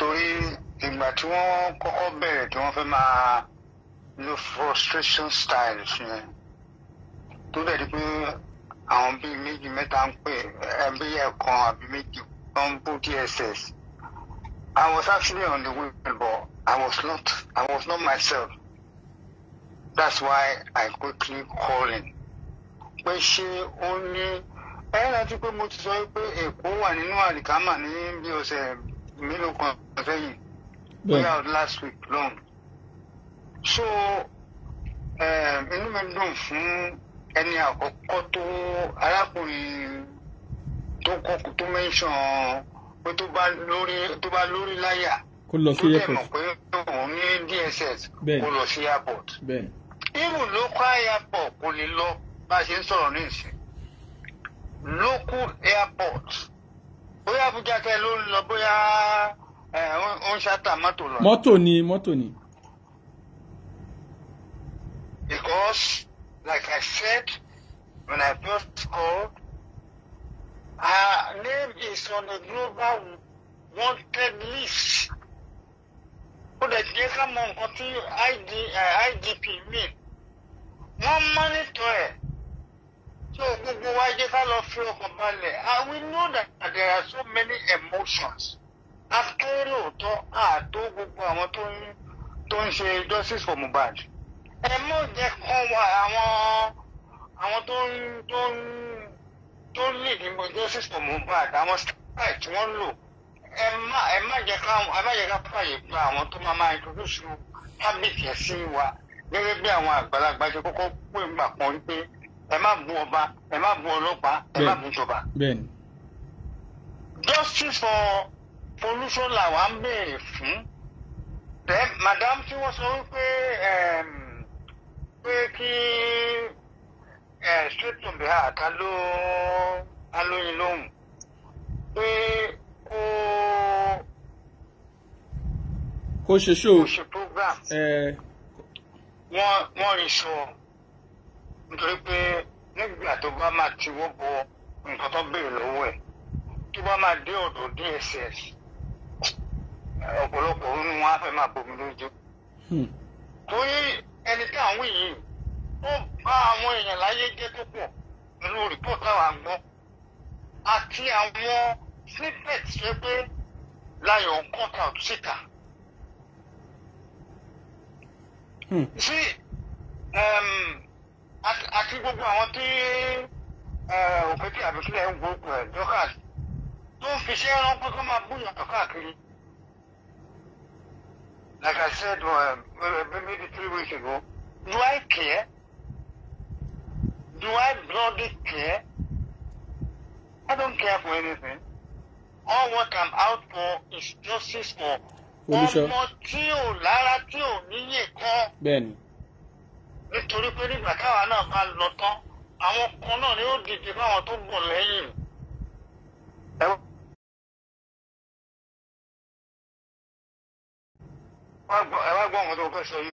torí ìgbà tí wọ́n kọ́kọ́ bẹ̀rẹ̀ tí wọ́n fẹ́ máa lo frustration styles yẹn tó dẹ̀ di pé àwọn bíi méjì mẹ́ta ń pè ẹbí eh, ẹ̀kan àbí méjì tó bú DSS I was actually on the way but I was not I was not myself that's why I quickly call in pé ṣé ó ní ẹ láti pé mo ti sọ pé Èkó wà nínú àlìkámà ní bí ọ̀sẹ̀ mélòó kan sẹ́yìn bóyá last week long. so eh, inú mi dùn fún ẹni àkọ́kọ́ tó arákùnrin tó kọ́kọ́ tó mẹ́sàn án pé tó bá lórí tó bá lórí láyà kó lọ sí airport tó dẹ̀ mọ̀ pé òun ní DSS kó lọ sí airport irú local airport kò lè lọ bá a ṣe ń sọ̀rọ̀ ní ìsìn local airport bóyá Àbújá ló ń lọ bóyá ó ń ṣàtà mọ́tò lọ. mọ́tò ni mọ́tò ni. because like I said when I first called her name is on the global wanted list ó lè jẹ́ ká mọ nǹkan tí IDP mean wọ́n mọ́nítọ̀ ẹ̀ so gbogbo wa jẹ́ ká lọ fi ọkàn balẹ̀ and we know that there are so many emotions after òótọ́ àtó gbogbo àwọn tó ń tó ń ṣe justice for Mohbad ẹ mọ̀ jẹ́ kán wa àwọn àwọn tó ń tó ń tó ń lè ní justice for Mohbad àwọn strike tí wọ́n lò ẹ má ẹ má jẹ́ ká ẹ má jẹ́ ká fààyè gba àwọn tó máa máa introduce habit yẹn sí wa gẹ́gẹ́ bí àwọn àgbàlagbà ṣe kọ́kọ́ pè ń gbà kan wípé ẹ má bú ọba ẹ má bú ọlọ́pàá ẹ má bú ìjọba. justice for Folúṣọlá wa ń béèrè fún then madam tí wọ́n sọ wípé pé kí straight to bihar ta ló alóyin lóhùn pé kó kó ṣe show kó ṣe program wọ́n wọ́n rí sọ nítorí pé nígbà tó bá máa ti wọ́ bọ nǹkan tó béèrè lọ́wọ́ ẹ̀ tó bá máa dé ọ̀dọ̀ DSS ọ̀pọ̀lọpọ̀ nínú wọn á fẹ́ máa bomi lójú. Hmm. torí ẹni tí àwọn yìí ó bá àwọn èèyàn láyé jẹ́ tó pọ̀ pẹ̀lú rìpọ́tù àwọn àgbọ̀ àti àwọn snippets ṣe pé láyọ̀ ń kọ́ta síta. Hmm. sí. Um, àti gbogbo àwọn tí eh, òpin tí àbíkílẹ̀ ń gbogbo ẹ̀ dọ́kàs tó ń fiṣẹ́ ránpẹ́ kó máa búyàn káàkiri. Like I said um, maybe three weeks ago, do I care? Do I bloody care? I don't care for anything. All what I'm out for is justice for ọmọ tí ò lára tí ò níyè kọ́. Nítorí pé nígbà tá máa lọ tán àwọn kan náà ni ó dìde fáwọn tó gùn lẹ́yìn. ẹ wá gbọ́ nǹkan tó fẹ́ sọ yìí.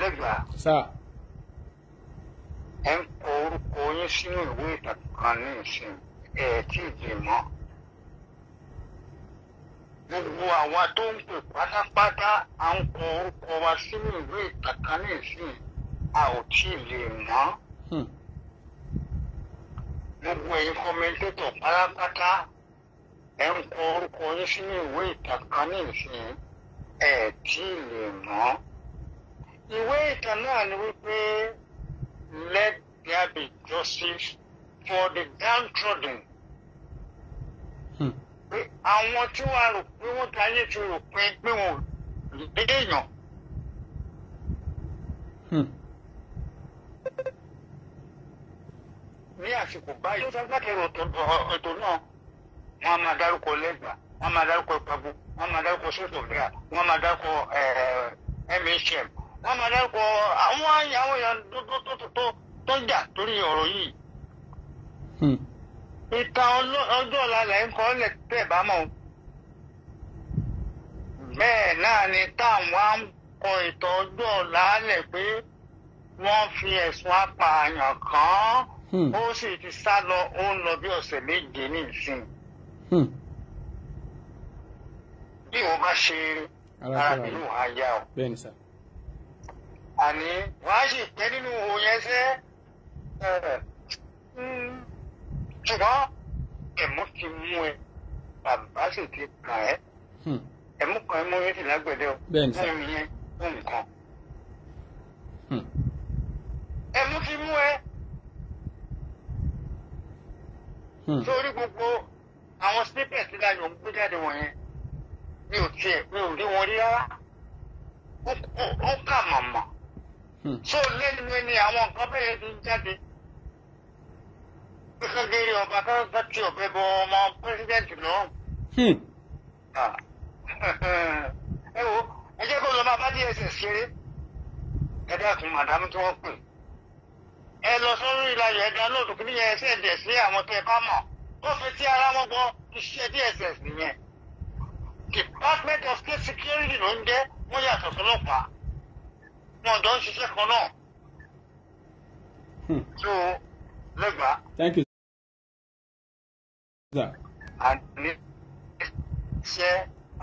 lẹ́gbàá. sá. ẹ ń kọ orúkọ yín sínú ìwé ìtàn kan ní ìsìn ẹ̀ẹ́dì ìdìmọ́ gbogbo àwa tó ń pè pátápátá à ń kọ orúkọ wa sínú ìwé ìtàkà nísìnyí a ò tí ì lè mọ̀. Hmm. gbogbo ẹ̀yin kọ́mẹ́ńtétọ̀ pátápátá ẹ̀ ń kọ orúkọ yín sínú ìwé ìtàkà nísìnyí ẹ̀ tí ì lè mọ̀. ìwé ìtàn náà ni wípé let there be justice for the downtrodden àwọn tí wàá rò pé wọ́n ta ayé ti rò pé pé wọn ò léèyàn. Hmm. ní àsìkò báyìí ló ṣàgbàkẹ́rọ ètò náà wọ́n á máa dárúkọ lẹ́gbàá wọ́n á máa dárúkọ ìpàgbọ́ wọ́n á máa dárúkọ sọ́tọ̀ọ̀dà wọ́n á máa dárúkọ MHM wọ́n á máa dárúkọ àwọn àwọn èèyàn tó tó tó tó tó jà torí ọ̀rọ̀ yìí. Hmm ìtàn ọjọ́ ọ̀la là ń kọ́ lẹ̀ tẹ̀ bá mọ̀ bẹ́ẹ̀ náà ni táwọn á ń kọ ìtàn ọjọ́ ọ̀la lẹ̀ pé wọ́n fi ẹ̀sùn apààyàn kàn án hmm. ó sì ti sá lọ ó ń lọ bí ọ̀sẹ̀ méje ní ìsìn hmm. bí wọ́n bá ṣe ara nínú àyà o àní wàá sì pẹ́ nínú òun yẹn sẹ́ ṣùgbọ́n ẹ̀mú ti mú ẹ bàbá sì ti kàn ẹ́ hmm. ẹ̀mú kan ẹ̀mú yẹn sì lágbẹ̀dẹ o fún mi yẹn fún nǹkan. Hmm. ẹ̀mú ti mú ẹ sórí hmm. gbogbo àwọn snippet tí láyọ̀ ń gbé jáde wọ̀nyẹn mi ò tiẹ̀ mi ò rí wọn rí rárá ó kà màmá so lẹ́nu ẹni àwọn nǹkan bẹ́ẹ̀ ti kan béèrè ọba kan bá ti ọ̀bẹ bọ ọmọ pẹ́sidẹ́ǹtì náà. ẹ wo ẹ jẹ́ kó lọ máa bá DSS ṣeré ẹ dákun màdámù tí wọ́n pè ẹ lọ sórí ìlàyọ̀ ẹ dánlóòdù kí nìyẹn ẹsẹ̀ ẹ̀dẹ̀ sí àwọn tẹ bá mọ̀ ó fi tí ara wọn gbọ́ iṣẹ́ DSS nìyẹn Department of State Security ló ń jẹ́ wọ́n yàtọ̀ sọlọ́pàá wọn jọ ń ṣiṣẹ́ kan náà. so you ṣe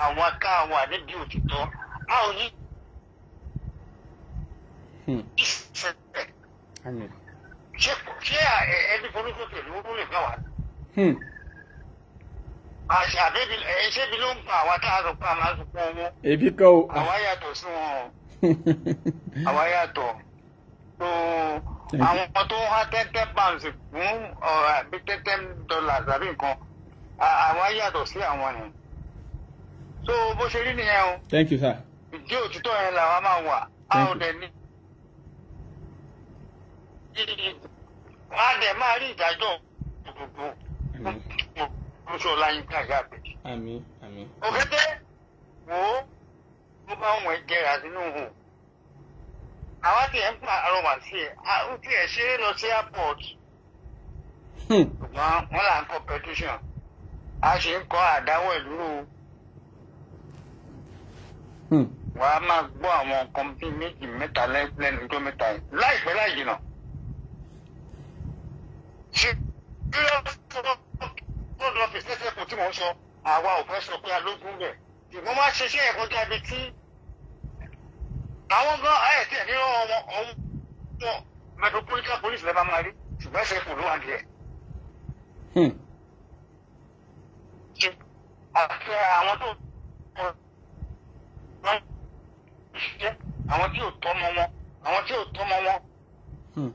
àwọn ká àwọn àdébí òtítọ́ a ò hmm. ní. ṣé ṣé ẹni forúkọ pẹ̀lú owó lè gbà wá. Hmm. àṣà àbẹ́bí ẹṣẹ́ bí ló ń pa àwa tá a sọ pé a máa ń sọpọ̀ owó. èbí kọ́ o. àwa yàtọ̀ sí wọn o. àwa yàtọ̀ tó àwọn tó ń há ten ten pounds fún uh, bí ten ten dollars àbí nǹkan àwọn yàtọ̀ sí àwọn ni so bó ṣe rí nìyẹn o. thank you sir. ìdí òtítọ́ yẹn làwọn máa wà àwọn dẹ̀ ní. wọ́n á dẹ̀ máa rí ìdájọ́ òdòdó lóṣù ọláyínká ìyá rẹ̀. àmín àmín. òkété wo mo bá wọn jẹrà sínú hù àwa tí ẹ ń pa àrùn wà sí ẹ àwọn tí ẹ ṣeré lọ sí airport. Hmm. ṣùgbọ́n wọ́n là ń kọ petition a ṣe ń kọ àdáwọ̀ ìlú o. Hmm. wàá máa gbọ́ àwọn nǹkan bíi méjì mẹ́ta lẹ́nu tó mẹ́ta yìí láìpẹ́ láì jìnnà. ṣé bí wọ́n fọ́ lọ́ọ́ fi ṣẹ́ṣẹ́ kù tí mò ń sọ àwa ò fẹ́ sọ pé alógún bẹ̀ ṣùgbọ́n wọ́n á ṣe ẹ̀kọ́ jáde tí àwọn gan ayé tí ẹni wọn wọn wọn metropolitan police lẹ́ẹ̀ bá máa rí ṣùgbọ́n ẹsẹ̀ kò ló wà nílẹ̀. Hmm. àti àwọn tó àwọn tí ò tọ́mọ wọn àwọn tí ò tọ́mọ wọn hmm.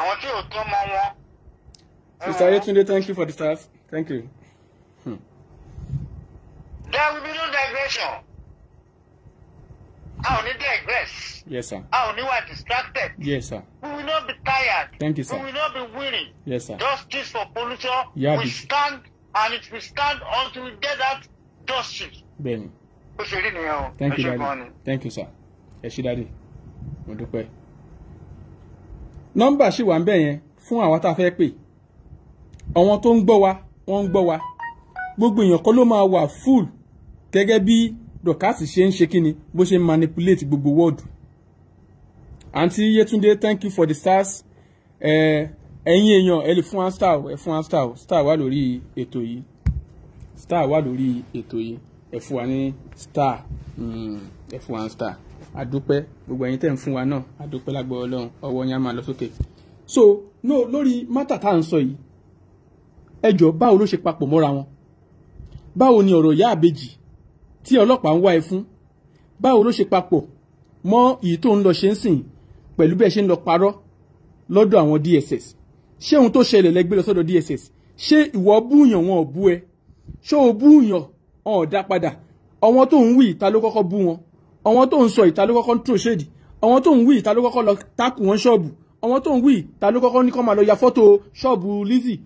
àwọn tí ò tọ́mọ wọn. Mr. Yetunde, thank you for the stars. Thank you. Hmm. There will be no digression a ò ní digress. yes sir. a ò ní wà distracted. yes sir. we will not be tired. thank you sir. we will not be weary. yes sir. justice for pollution. yeah, we stand and it will stand until we get that justice. bẹ́ẹ̀ni. thank you daddy thank you sir. ẹ ṣé daddy mo dúpẹ́. nọ́mbà ṣì wà ń bẹ̀ yẹn fún àwa tá a fẹ́ pè àwọn tó ń gbọ́ wa wọ́n ń wa gbogbo èèyàn kọ́ ló máa wà full gẹ́gẹ́ bí Dorcas ṣe ń ṣe kíni bó ṣe ń manipulate gbogbo wọ́ọ̀dù àǹtí yetunde thank you for the stars ẹ̀yin èèyàn ẹ lè fún wa star ẹ fún wa star star wà lórí ètò yìí star wà lórí ètò yìí ẹ fún wa ní star hmm, ẹ fún wa ní star àdúpẹ́ gbogbo ẹ̀yin tẹ̀ ń fún wa náà àdúpẹ́ lágbọ́ ọlọ́run ọwọ́ yẹn á máa lọ sókè so no lórí mátà tá à ń sọ yìí ẹjọ́ báwo ló ṣe papọ̀ mọ́ra wọn báwo ni ọ̀rọ̀ ìyá àbèjì tí ọlọ́pàá ń wá ẹ fún báwo ló ṣe papọ̀ mọ́ èyí tó ń lọ ṣe ń sìn pẹ̀lú bẹ́ẹ̀ ṣe ń lọ parọ́ lọ́dọ̀ àwọn DSS ṣé ohun tó ṣẹlẹ̀ lẹ́gbẹ́ lọ sọ́dọ̀ DSS ṣé ìwọ búùyàn wọn ò bú ẹ ṣé o búùyàn wọn ò dá padà àwọn tó ń wí ìta ló kọ́kọ́ bú wọn àwọn tó ń sọ ìta ló kọ́kọ́ ń tò ṣèdì àwọn tó ń wí ìta ló kọ́kọ́ lọ tákù wọn ṣọ́ọ̀bù àwọn tó ń wí ìta ló kọ́kọ́ ní kó máa lọ ya fọ́tò ṣọ́ọ̀bù Lizzy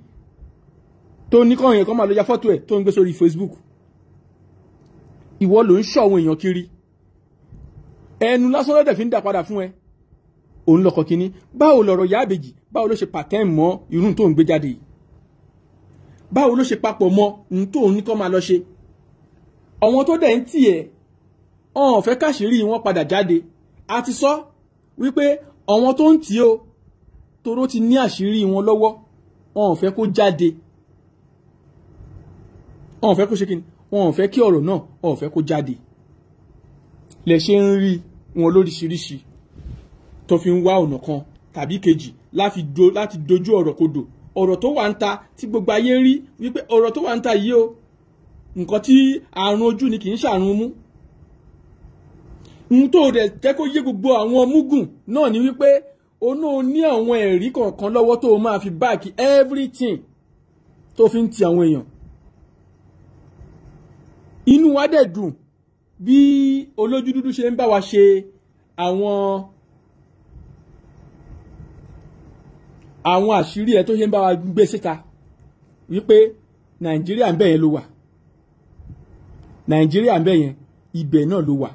tó ní kọ́ yẹn kó máa lọ ya fọ́tò ẹ̀ tó ń gbé sórí Facebook ìwọ ló ń ṣọ́ àwọn èèyàn kiri ẹnu lásán lọ́dẹ̀ fi ń dà padà fún ẹ òun lọkọ̀ kínní báwo lọ̀rọ̀ ìyá àbèjì báwo ló ṣe pàtẹ́ǹ mọ́ irú tó ń gbé jáde yìí báwo ló ṣe papọ̀ mọ́ ohun tó ń ní kọ́ máa lọ ṣe àwọn tó dẹ̀ ń tì ẹ́ ọ̀n fẹ́ káṣírí wọn padà jáde a ti sọ wípé àwọn tó ń tì ó toró ti ní àṣírí wọn lọ́wọ́ ọ̀n fẹ́ kó jáde ọ̀n fẹ́ kó ṣe kínní wọn ò fẹ́ kí ọ̀rọ̀ náà wọn ò fẹ́ kó jáde lẹ ṣe ń rí wọn lóríṣiríṣi tó fi ń wá ọ̀nà kan tàbí kejì láti dojú ọ̀rọ̀ kodò ọ̀rọ̀ tó wà ń ta tí gbogbo ayé rí wípé ọ̀rọ̀ tó wà ń ta yìí o nǹkan tí àrùn ojú ni kì í ṣàrùn mú ohun tó dẹ̀ jẹ́ kó yé gbogbo àwọn mugun náà ni wípé onú ní àwọn ẹ̀rí kọ̀ọ̀kan lọ́wọ́ tó máa fi báàkì everything tó fi ń ti àwọn èèyàn inú wa dẹ̀ dùn bí olójú dúdú ṣe ń bá wa ṣe àwọn àwọn àṣírí ẹ tó ṣe ń bá wa gbé síta wípé nàìjíríà ń bẹ̀ yẹn ló wà nàìjíríà ń bẹ̀ yẹn ibẹ̀ náà ló wà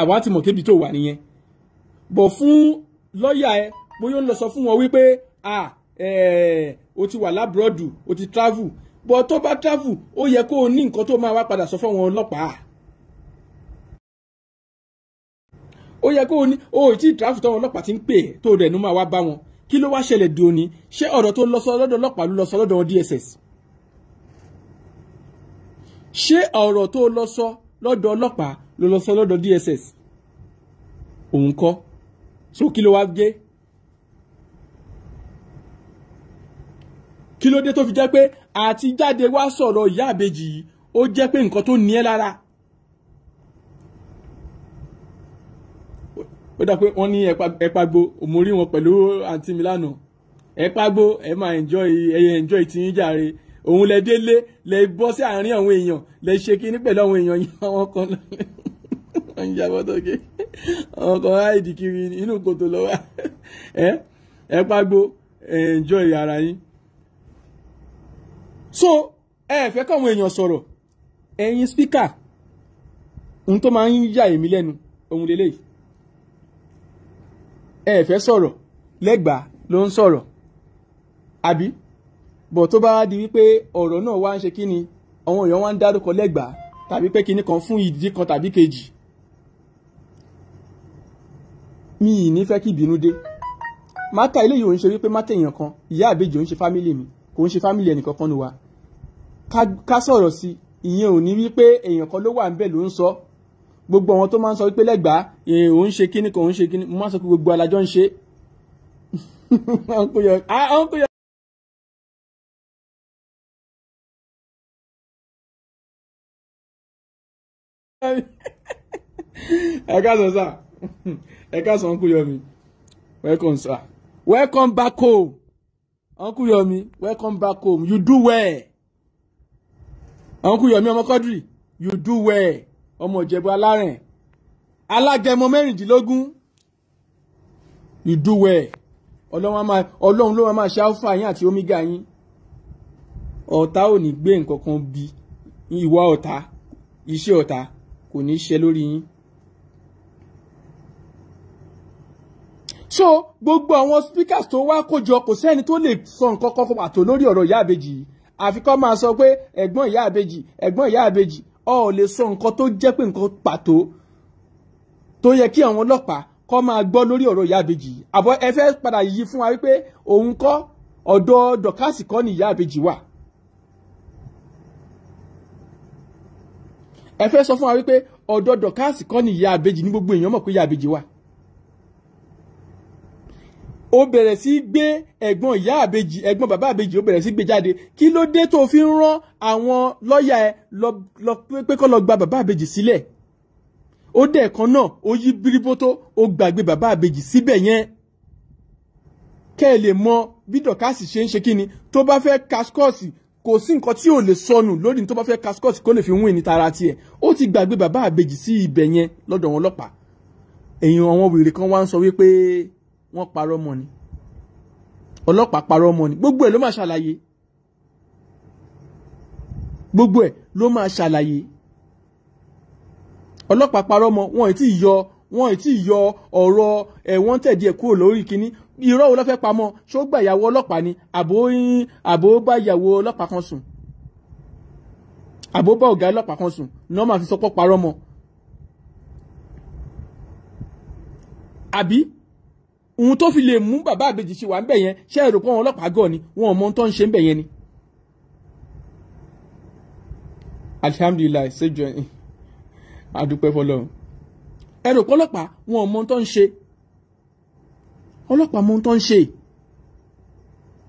àwa ti mọ̀ kébi tó wà nìyẹn bọ̀ fún lọ́ọ̀yà ẹ bóyá ń lọ sọ fún wọn wípé ah eh, o ti wà lábúròdù o ti travel bọ́ tó bá travel ó yẹ kó o ní nǹkan tó máa wá padà sọ fún àwọn ọlọ́pàá ó yẹ kó o ní o ì tí ì travel táwọn ọlọ́pàá ti ń pè é tó o dẹ̀ nu máa wá bá wọn kí ló wá ṣẹlẹ̀ di òní ṣé ọ̀rọ̀ tó lọ sọ lọ́dọ̀ ọlọ́pàá ló lọ sọ lọ́dọ̀ DSS ṣé ọ̀rọ̀ tó lọ sọ lọ́dọ̀ ọlọ́pàá ló lọ sọ lọ́dọ̀ DSS òun kọ́ so kí ló wá jẹ́ kí ló dé tó fi jẹ́ pé àti jáde wá sọ̀rọ̀ ìyá àbejì yìí ó jẹ́ pé nǹkan tó ní ẹ́ lára. ó dà pé wọ́n ní ẹ̀pàgbó mo rí wọn pẹ̀lú àǹtí mi lánàá ẹ̀pàgbó ẹ̀ máa enjoy ẹ̀yẹ enjoy ti yín jàre òun lẹ délé lẹ bọ́ sí àárín àwọn èèyàn lẹ ṣe kínní pẹ̀lú àwọn èèyàn yín àwọn kan lọ́wọ́ ń yàgbọ́ tó ké àwọn kan áìdì kiri inú kòtò lọ́wọ́ ẹ̀ ẹ̀pàgbó enjoy ara yín so ẹ fẹ́ káwọn èèyàn sọ̀rọ̀ ẹ̀yin spíkà ohun tó máa ń yà èmi lẹ́nu ohun lélẹ́yìí ẹ fẹ́ sọ̀rọ̀ lẹ́gbàá ló ń sọ̀rọ̀ àbí bọ̀ tó bá di wípé ọ̀rọ̀ náà wá ń ṣe kí ni àwọn èèyàn wá ń dárúkọ lẹ́gbàá tàbí pé kinní kan fún ìdí kan tàbí kejì mi ì ní fẹ́ kí ìbínú dé mátà eléyìí ò ń ṣe wípé mátà èèyàn kan ìyá àbejì ò ṣe fámílì mi kò ń ṣe fámìlì ẹnìkankan nu wa ká sọ̀rọ̀ sí ìyẹn ò ní wípé èèyàn kan ló wà ń bẹ̀ ló ń sọ gbogbo àwọn tó máa ń sọ wípé lẹ́gbàá èèyàn ò ń ṣe kíní kò ń ṣe kíní mo máa ń sọ pé gbogbo alájọ ń ṣe ẹ káàsán sir ẹ káàsán kúyọmi welcome sir welcome back home uncle yomi welcome back home you do well uncle yomi ọmọ Quadri you do well ọmọ ìjẹ̀bú alárẹ̀ alágẹmọ mẹ́rìndínlógún you do well ọlọ́run ló máa ṣe alpha yín àti omega yín ọ̀tá ò ní gbé nǹkan kan bí ìwà ọ̀tá iṣẹ́ ọ̀tá kò ní ṣe lórí yín. so gbogbo àwọn speakers tó wá kójọ kò sẹ́ni tó lè sọ nǹkan kan pàtó lórí ọ̀rọ̀ ìyá àbèjì yìí àfi kọ́ máa sọ pé ẹ̀gbọ́n ìyá àbèjì ẹ̀gbọ́n ìyá àbèjì ọ ò lè sọ nǹkan tó jẹ́ pé nǹkan pàtó tó yẹ kí àwọn ọlọ́pàá kọ́ máa gbọ́ lórí ọ̀rọ̀ ìyá àbèjì yìí àbọ̀ ẹ fẹ́ padà yí fún wa wípé òun kọ́ ọ̀dọ̀ dọ̀kásì kọ́ ni ìyá àbèjì wà. ẹ fẹ́ sọ fún wa wípé ọ̀dọ̀ dọ̀kásì kọ́ ni ìyá àbèjì ní gbogbo èèyàn mọ̀ pé ìyá àbèjì wà ó bẹ̀rẹ̀ sí gbé ẹ̀gbọ́n ìyá àbejì ẹ̀gbọ́n bàbá àbejì ó bẹ̀rẹ̀ sí gbé jáde kí ló dé tó fi ń rán àwọn lọ́ọ̀yà ẹ lọ pé kó lọ gba bàbá àbejì sílẹ̀ ó dẹ̀ kan náà ó yí bíríbótó ó gbàgbé bàbá àbejì síbẹ̀ yẹn kẹ́ ẹ lè mọ bí dọ̀kásì ṣe ń ṣe kí ni tó bá fẹ́ kaskọ́ọ̀sì kò sí nǹkan tí ò lè sọnù lórí tó bá fẹ́ kaskọ́ọ̀sì kó lè fi wín ní tara tiẹ̀ ó ti gbàgbé bàbá àbejì sí ibẹ̀ yẹn lọ́dọ̀ wọn ọlọ́pàá èèyàn àwọn wèrè kan wá ń sọ wípé wọ́n parọ́ mọ́ ni ọlọ́pàá parọ́ mọ́ ni gbogbo ẹ̀ ló máa ṣàlàyé gbogbo ẹ̀ ló máa ṣàlàyé ọlọ́pàá parọ́ mọ́ wọn ì tí ì yọ wọn ì tí ì yọ ọ̀rọ̀ ẹ̀wọ̀n tẹ̀dí ẹ̀ kúrò lórí kínní irọ́ wo ló fẹ́ pamọ́ ṣó gbà ìyàwó ọlọ́pàá ni àbó àbó bá ìyàwó ọlọ́pàá kan sùn àbó bá ọ̀gá ọlọ́pàá kan sùn ni wọ́n máa fi sọpọ́ parọ́ mọ́ àbí òun tó fi lè mú bàbá àbèjì ṣe wà ń bẹ̀ yẹn ṣé ẹ rò pé àwọn ọlọ́pàá gọ̀ ni wọn ò mọ ohun tó ń ṣe ń bẹ̀ yẹn ni. alihamdulilayi ṣèjọ ẹyin adúpẹ́ fọlọ́run ẹ rò pé ọlọ́pàá wọn ò mọ ohun tó ń ṣe ọlọ́pàá mọ ohun tó ń ṣe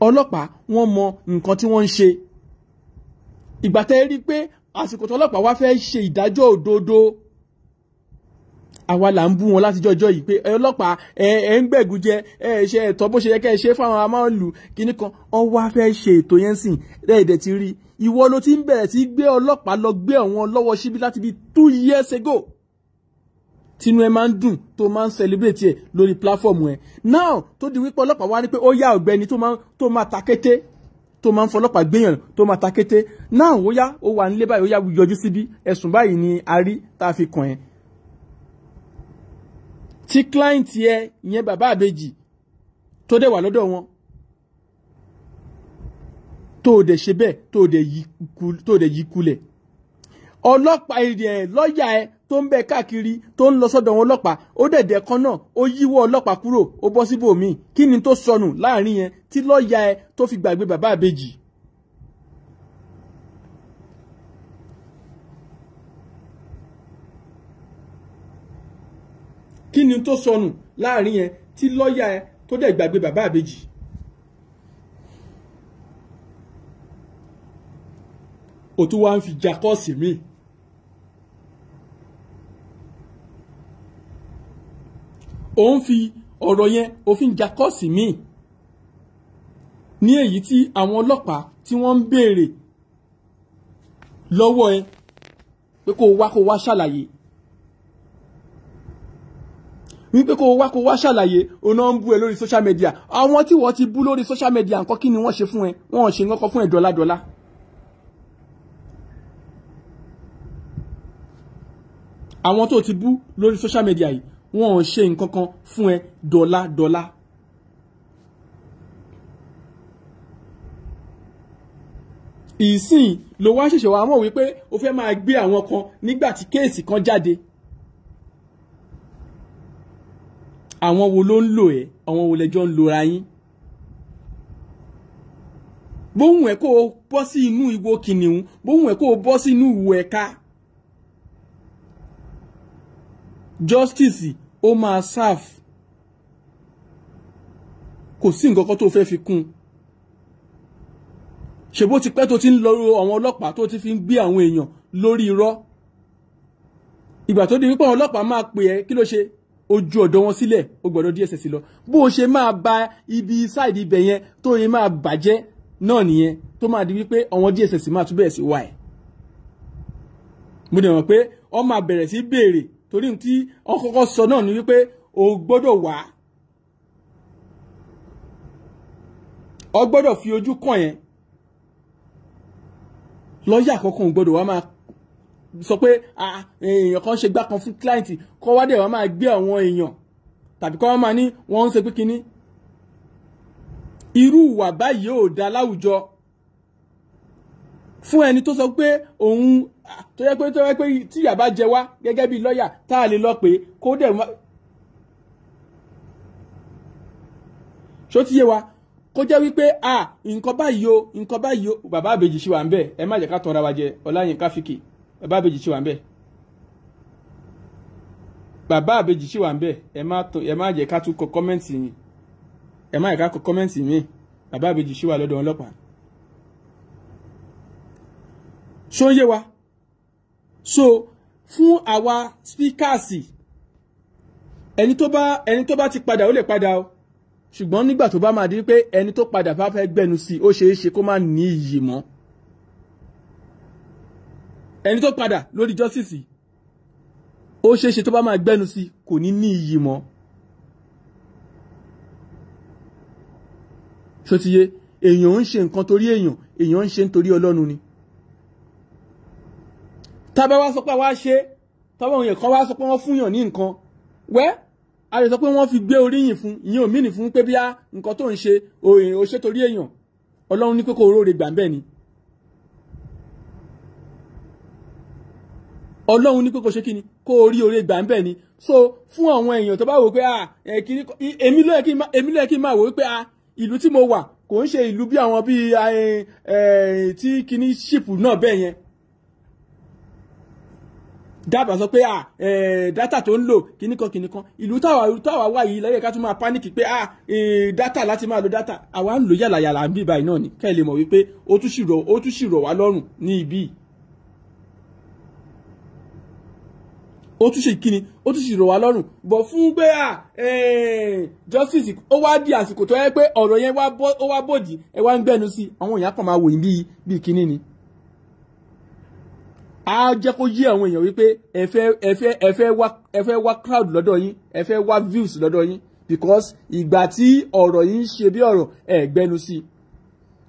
ọlọ́pàá wọn mọ nǹkan tí wọ́n ń ṣe ìgbà tẹ́ rí i pé àsìkò tó ọlọ́pàá wá fẹ́ ṣe ìdájọ́ òdodo àwa là ń bú wọn látijọ́ ọjọ́ yìí pé ọlọ́pàá ẹ ẹ ń gbẹ̀gùn jẹ ẹ ṣe ẹ̀tọ́ bó ṣe yẹ kẹ́ ẹ ṣe fáwọn amáhùnlù kíní kan ọwọ́ afẹ́ ṣe ètò yẹn sìn ẹ̀ẹ́dẹ̀ ti rí ìwọ ló ti ń bẹ̀rẹ̀ sí gbé ọlọ́pàá lọ gbé àwọn lọ́wọ́ síbi láti bíi two years ago tinú ẹ máa ń dùn tó máa ń celebrate ẹ lórí platform ẹ now tó di wípé ọlọ́pàá wá ní pé ó yá ọ̀gbẹ́ni tó máa ta kété tó máa ń fọlọ́pàá gbéyàn tó máa ta kété náà ó yá ó wà nílé báyìí ó yá yọjú síbí ẹ̀sùn báyìí ni a rí tá a fi kàn ẹ́ tí client yẹ ìyẹn bàbá àbejì tó dẹ̀ wà lọ́dọ̀ wọn tó dẹ̀ ṣe bẹ́ẹ̀ tó dẹ̀ yí kulẹ̀ ọlọ́pàá èrè ẹ̀ lọ́ọ̀yà ẹ̀ tó ń bẹ káàkiri tó ń lọ sọ́dọ̀ wọn ọlọ́pàá ó dẹ̀dẹ̀ kan náà ó yíwọ́ ọlọ́pàá kúrò ó bọ́ síbòmíì kí ni tó sọnù láàrin yẹn tí lọ́ọ̀yà ẹ̀ tó fi gbàgbé bàbá àbejì kí ni tó sọnù láàrin yẹn tí lọ́ọ̀yà ẹ tó dẹ̀ gbàgbé bàbá àbèjì. ó tún wá ń fi ja kọ́ọ̀sì míì. ó ń fi ọ̀rọ̀ yẹn òfin ja kọ́ọ̀sì míì ní èyí tí àwọn ọlọ́pàá tí wọ́n ń béèrè lọ́wọ́ ẹ pé kó wá kó wá ṣàlàyé wípé kó o wá kó o wá ṣàlàyé o ń bú ẹ lórí social media àwọn tí wọ́n ti bú lórí social media nǹkan kí ni wọ́n ṣe fún ẹ wọ́n ṣe nǹkan fún ẹ dọ́ládọ́lá. àwọn tó ti bú lórí social media yìí wọ́n ṣe nǹkan kan fún ẹ dọ́ládọ́lá. ìsìn ló wá ṣẹ̀ṣẹ̀ wá mọ̀ wípé o fẹ́ máa gbé àwọn kan nígbà tí kéèsì kan jáde. àwọn wo ló ń lò ẹ́ àwọn wo lẹjọ́ ń lora yín bóhùn ẹ̀ kó o bọ́ sí inú ìwo kìnìún bóhùn ẹ̀ kó o bọ́ sí inú ìwo ẹ̀ka justice ó máa serve kò sí nǹkan kan tó fẹ́ fi kún un ṣèbó ti pẹ́ tó ti ń lọ àwọn ọlọ́pàá tó ti fi ń gbé àwọn èèyàn lórí irọ́ ìgbà tó di wípé àwọn ọlọ́pàá máa pè ẹ́ kí ló ṣe ojú ọ̀dọ̀ wọn sílẹ̀ o gbọ́dọ̀ DSS lọ bó o ṣe máa ba ibi ṣáìdì ibẹ̀ yẹn tó yẹ máa bàjẹ́ náà nìyẹn tó máa di wípé àwọn DSS máa tún bẹ̀rẹ̀ sí wá ẹ̀. mo dẹ̀ mọ̀ pé wọ́n máa bẹ̀rẹ̀ sí béèrè torí tí wọ́n kọ́kọ́ sọ náà ni wípé o gbọ́dọ̀ wá ọ gbọ́dọ̀ fi ojú kàn yẹn lọ́ọ̀yà kọ̀ọ̀kan gbọ́dọ̀ wá máa sọ pé ah, ah, èèyàn kan ṣe gbá kan fún client kọ́ wá dẹ̀ wá máa gbé àwọn èèyàn tàbí kọ́ wá máa ní wọ́n ń ṣe pé kínní irú ìwà báyìí ò da láwùjọ fún ẹni tó sọ pé òun tó yẹ pé tó yẹ pé tí ìyà bá jẹ wá gẹ́gẹ́ bí lọ́ọ̀yà tá a lè lọ pé kó dẹ̀ ṣó ti yé wa kó jẹ́ wípé a ah, nǹkan báyìí o nǹkan báyìí o bàbá àbèjì ṣì wà ń bẹ̀ ẹ má jẹ́ ká tọ́ra wa jẹ ọláyínká fìkì bàbá àbèjì ṣì wà ń bẹ̀ bàbá àbèjì ṣì wà ń bẹ̀ ẹ má tó ẹ má jẹ́ ká tún kọ kọ́mẹ́ǹtì yìí ẹ má jẹ́ ká kọ kọ́mẹ́ǹtì míì bàbá àbèjì ṣì wà lọ́dọ̀ ọlọ́pàá ṣó ń yé wa so fún àwa spíkàsì ẹni tó bá ẹni tó bá ti padà ó lè padà o ṣùgbọ́n nígbà tó bá máa di pé ẹni tó padà bá fẹ́ gbẹnu sí i ó ṣeé ṣe kó má ní iyì mọ́ ẹni tó padà lórí justice ó ṣeéṣe tó bá máa gbẹ́nu sí kò ní ní iyì mọ́ ṣòtíye èèyàn ń ṣe nǹkan torí èèyàn èèyàn ń ṣe nítorí ọlọ́run ni tábà wá sọ pé wá ṣe tọ́wọ́ òun yẹn kan wá sọ pé wọ́n fún yàn ní nǹkan wẹ́ a lè sọ pé wọ́n fi gbé oríyìn fún ìyẹn ò fún pé bí a nǹkan tó ń ṣe òyìn ò ṣe torí èèyàn ọlọ́run ní pé kò róore gbà ni ọlọ́run ní pé kò ṣe kí ni kó o rí gbà ń bẹ̀ ni so fún àwọn èèyàn tó bá wò pé èmi ló yẹ kí n máa wò pé ìlú tí mo wà kò ń ṣe ìlú bí àwọn bíi tí kinní ṣìpù náà bẹ́ẹ̀ yẹn dábàá sọ pé ah dátà tó ń lò kíníkan kíníkan ìlú táwa táwa wà yìí lẹ́yìn ká tún máa pánìkì pé ah dátà láti máa lo dátà àwa ń lò yàlàyàlà ń bí báyìí náà ni kẹ́ ẹ lè mọ̀ wípé ó tún ṣì rọ̀ wá lọ́rùn ní ibí yìí. ó tún ṣe kíni ó tún ṣe rọ̀ wá lọ́rùn bọ̀ fún pé à eh, justice ó wá di àsìkò tó yẹ pé ọ̀rọ̀ yẹn ó wá bòdì ẹ wá ń gbẹ́nu sí àwọn èèyàn kan máa wò yín bíi kíní ni. á jẹ́ kó yé àwọn èèyàn wípé ẹ fẹ́ ẹ fẹ́ wá crowd lọ́dọ̀ yín ẹ fẹ́ wá views lọ́dọ̀ yín because ìgbà tí ọ̀rọ̀ yín ṣe bí ọ̀rọ̀ ẹ gbẹ́nu sí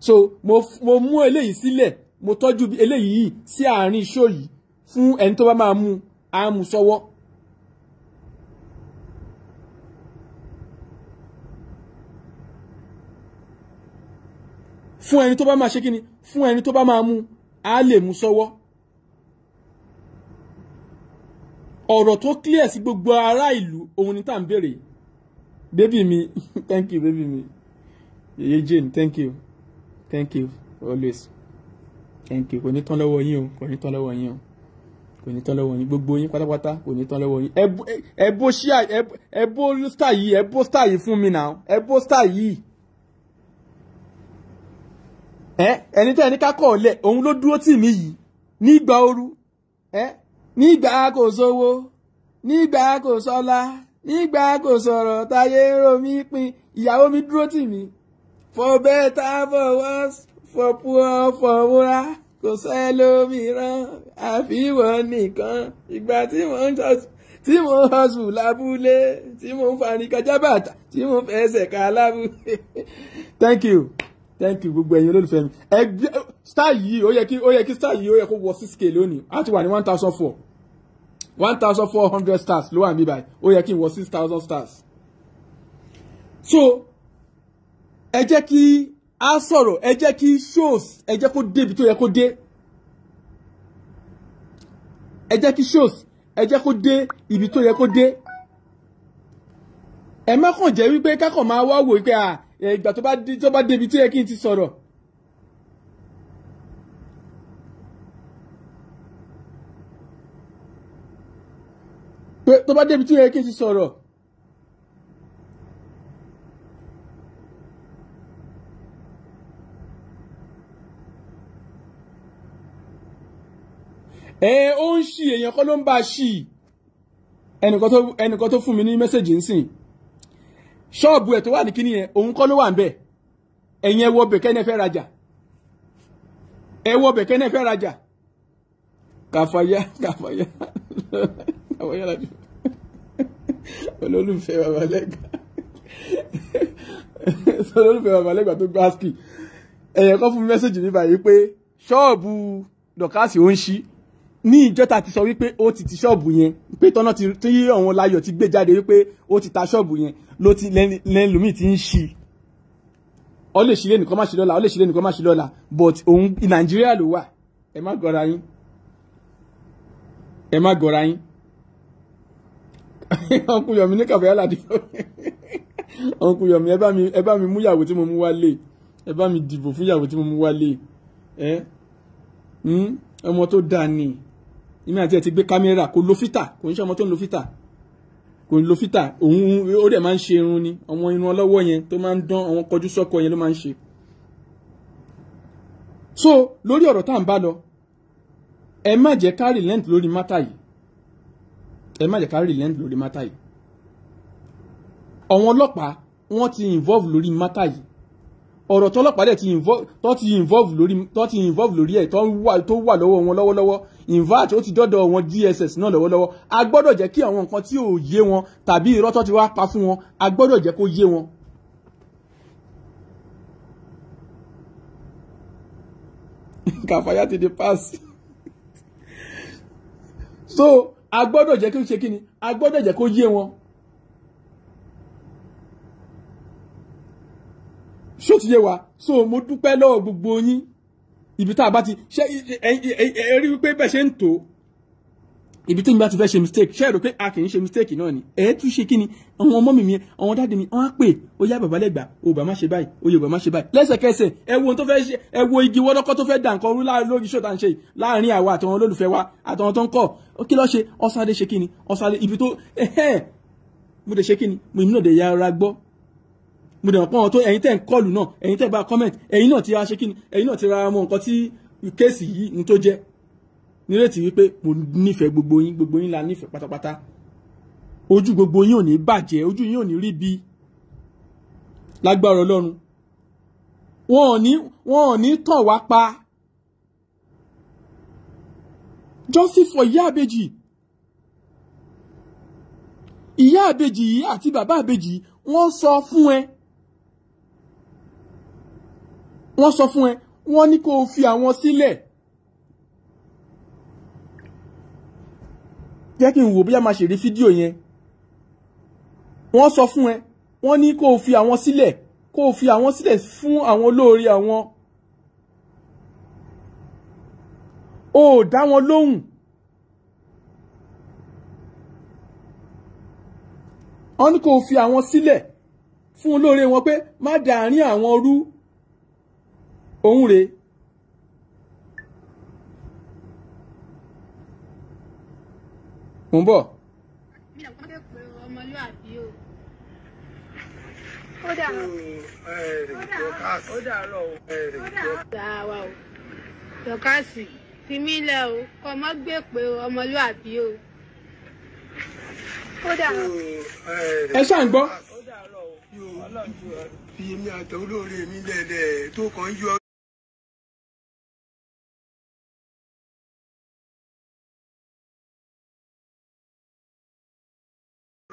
so mo mo mú eléyìí sílẹ̀ mo tọ́jú eléyìí sí àárín show yìí fún ẹni tó bá máa mú á mú sọ́wọ́. fún ẹni tó bá máa ṣe kí ni fún ẹni tó bá máa mú á lè mú sọ́wọ́. ọ̀rọ̀ tó clear sí gbogbo ará ìlú ohun ni tá à ń béèrè bébì mi thank you bébì mi yeye Jane thank you thank you always thank you kò ní tán lọ́wọ́ yín o kò ní tán lọ́wọ́ yín o kò ní tán lọ́wọ́ yín gbogbo yín pátápátá kò ní tán lọ́wọ́ yín ẹ̀bó ṣíà ẹ̀bó star yìí ẹ̀bó star yìí fún mi náà ẹ̀bó star yìí ẹ ẹni tẹ́ ẹni kákọ̀ ọ̀lẹ̀ òun ló dúró tì mí yìí nígbà ooru ẹ nígbà kò sówó nígbà kò sọ́lá nígbà kò sọ̀rọ̀ táyé rò pin ìyàwó mi dúró tì mí for better for worse for poor for wúrà kò sẹ́lómìíràn àfihàn nìkan ìgbà tí wọ́n ń ṣọ́ọ̀ṣì tí mo ń hustle lábúlé tí mo ń fani kọjá bàtà tí mo ń fẹsẹ̀ ká lábúlé. thank you thank you gbogbo ẹ̀yin olólùfẹ́ mi ẹgbẹ́ star yìí ó yẹ kí ó yẹ kí star yìí ó yẹ kó wọ six k lónìí á ti wà ní one thousand four one thousand four hundred stars ló wà níbí báyìí ó yẹ kí n wọ six thousand stars. so ẹ jẹ́ kí á sọ̀rọ̀ ẹ jẹ́ kí shows ẹ jẹ́ kó débi tó yẹ kó dé ẹ jẹ́ kí shows ẹ jẹ́ kó dé ibi tó yẹ kó dé ẹ má kàn jẹ́ wípé kákàn máa wá wò pé ìgbà tó bá débi tó yẹ kí n ti sọ̀rọ̀. pé tó bá débi tó yẹ kí n ti sọ̀rọ̀ ẹ ó ń ṣì èèyàn kọ́ ló ń bá a ṣì ẹnìkan tó fún mi ní mẹ́sẹ̀gì nsìn ṣọ́ọ̀bù ẹ̀ tó wà ní kíní yẹn òun kọ́ ló wà ń bẹ̀ ẹ̀yin ẹ wọ bẹ̀ kẹ́ni ẹ fẹ́ rajà ẹ wọ bẹ̀ kẹ́ni ẹ fẹ́ rajà kàfàyà kàfàyà kàfàyà lajú olólùfẹ́ babalẹ́gbà olólùfẹ́ babalẹ́gbà tó gbá ski ẹ̀yẹ̀ fún mi mẹ́sẹ̀gì mi báyìí pé ṣọ́ọ̀bù dọ̀kásì ó ń ṣí ní ìjọta ti sọ wípé ó ti ti ṣọ́ọ̀bù yẹn pé tọ́nà ti tí ọ̀hún láyọ̀ ti gbé jáde wípé ó ti ta ṣọ́ọ̀bù yẹn ló ti lẹ́lùmí ti ń ṣí ọ lè ṣílẹ̀ nìkan má ṣe lọ́la ọ lè ṣílẹ̀ nìkan má ṣe lọ́la but òun nàìjíríà ló wà ẹ má gọra yín ẹ má gọra yín ọkùnrin yọmi ní kàfẹ́ yálà dìbò ọkùnrin yọmi ẹ bá mi mú ìyàwó tí mo mú wálé ẹ bá mi dìbò fún ìyàwó tí mo mú wálé ẹ hmm? ọmọ tó dáa ni èmi àti ẹ̀ ti gbé kámẹ́rà kò lo fítà kò ń ṣe ọmọ tó ń lo fítà kò ń lo fítà òun ó dẹ̀ máa ń ṣe irun ni àwọn irun ọlọ́wọ́ yẹn tó máa ń dán àwọn kọjú sọ́kọ yẹn ló máa ń ṣe. so lórí ọ̀rọ̀ tá à ń bá lọ ẹ má jẹ́ ká relent lórí mátà yìí ẹ má jẹ́ ká relent lórí mátà yìí àwọn ọlọ́pàá wọ́n ti involve lórí mátà yìí ọ̀rọ̀ tọ́lọ́pàá dẹ̀ ti involve lórí tó ti involve lórí ẹ̀ tó wà lọ́wọ́ wọn lọ́wọ́lọ́wọ́ in fact ó ti dọ́dọ̀ wọn DSS náà lọ́wọ́lọ́wọ́ a gbọ́dọ̀ jẹ́ kí àwọn nǹkan tí ò yé wọn tàbí irọ́ tó ti wá pa fún wọn a gbọ́dọ̀ jẹ́ kó yé wọn. kàfáyà ti di paasi so a gbọ́dọ̀ jẹ́ kí n ṣe kí ni a gbọ́dọ̀ jẹ́ kó yé wọn. ṣó ti yé wa so mo dúpẹ́ lọ́wọ́ gbogbo yín ibi tá a bá ti ṣe ẹ rí wípé bẹ́ẹ̀ ṣe ń tò ibi tí mi bá ti fẹ́ ṣe mistake ṣe é rò pé a kì í ṣe mistake náà ni ẹ tún ṣe kí ni àwọn ọmọ mi mi àwọn dáàdi mi wọn á pè ó yá bàbá lẹ́gbàá ó bà má ṣe báyìí ó yẹ bà má ṣe báyìí lẹ́sẹ̀kẹsẹ̀ ẹ wo tó fẹ́ ṣe ẹ wo igi wọ́dọ́kọ́ tó fẹ́ dà nǹkan orú lórí ṣòtà ń ṣe láàrin àwa àtàwọn olólùfẹ́ wa àtàwọn tó ń kọ́ kí lọ́ọ́ ṣe ọ̀sàdé ṣe kí ni ọ̀sàdé ibi tó mo dẹ̀ ṣe kí ni mo ìmúnà mo dẹ̀ pọ́n tó ẹ̀yin tẹ̀ ń kọ́ọ̀lù náà ẹ̀yin tẹ̀ bá kọ́mẹ̀ntì ẹ̀yin náà ti ra ṣe kíni ẹ̀yin náà ti ra mọ nǹkan tí kéèsì yìí ní tó jẹ́ nírètí wípé mo nífẹ̀ẹ́ gbogbo yín gbogbo yín la nífẹ̀ẹ́ pátápátá ojú gbogbo yín ò ní bàjẹ́ ojú yín ò ní rí bí lágbára ọlọ́run wọn ò ní wọn ò ní tàn wá pa justice for ìyá àbèjì ìyá àbèjì yìí àti bàbá àbèjì wọ́n sọ fún ẹ wọ́n sọ fún ẹ wọ́n ní kó o fi àwọn sílẹ̀ jẹ́ kí n wò bí a máa ṣe rí fídíò yẹn wọ́n sọ fún ẹ wọ́n ní kó o fi àwọn sílẹ̀ kó o fi àwọn sílẹ̀ fún àwọn olóore àwọn o ò dá wọn lóhùn wọ́n ní kó o fi àwọn sílẹ̀ fún olóore wọn pé má dàárín àwọn rú òun rèé mò ń bọ̀. dọ̀kásì fi mí lẹ̀ o kọ́ mọ́ gbé pé ọmọlúwàbí o. ẹ ṣáà ń gbọ́.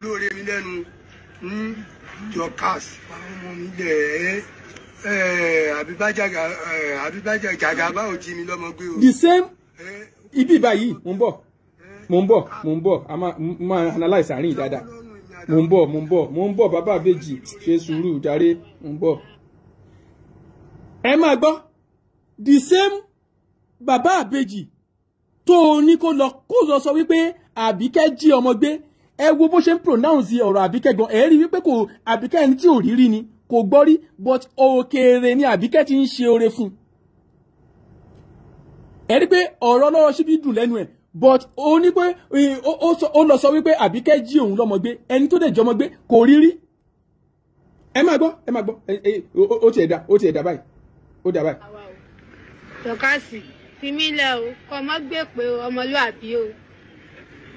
olóore mi lẹ́nu ní jọkas àwọn ọmọ mi lẹ̀ ẹ́ àbíbájà jàgà báwo jí mi lọ́mọ gbé o. the same ibi báyìí mò ń bọ̀ mò ń bọ̀ mò ń bọ̀ a máa analyse àárín dáadáa mò ń bọ̀ mò ń bọ̀ mò ń bọ̀ bàbá àbèjì ṣe sùúrù jàre mò ń bọ̀. ẹ máa gbọ́ the same bàbá àbèjì tó o ní kó lọ kó lọ sọ wípé àbíkẹ́ jí ọmọ gbé ẹ wo bó ṣe ń pronounce ọ̀rọ̀ àbíkẹ́ gan ẹ rí wípé kò àbíkẹ́ ẹni tí ò rí rí ni kò gbọ́ rí but òkèèrè ni àbíkẹ́ ti ń ṣe oore fún ẹ rí pé ọ̀rọ̀ ọlọ́rọ̀ ṣíbí dùn lẹ́nu ẹ̀ but ó ní pé ó lọ sọ wípé àbíkẹ́ jí òun lọ́mọ gbé ẹni tó dẹ̀ jọmọ gbé kò rí rí ẹ máa gbọ́ ẹ máa gbọ́ ó tiẹ̀ dá ó tiẹ̀ dá báyìí ó dá báyìí. tọ́kasì fi mí lẹ o kọ́ ọmọ gbé pé ọmọlúàbí o.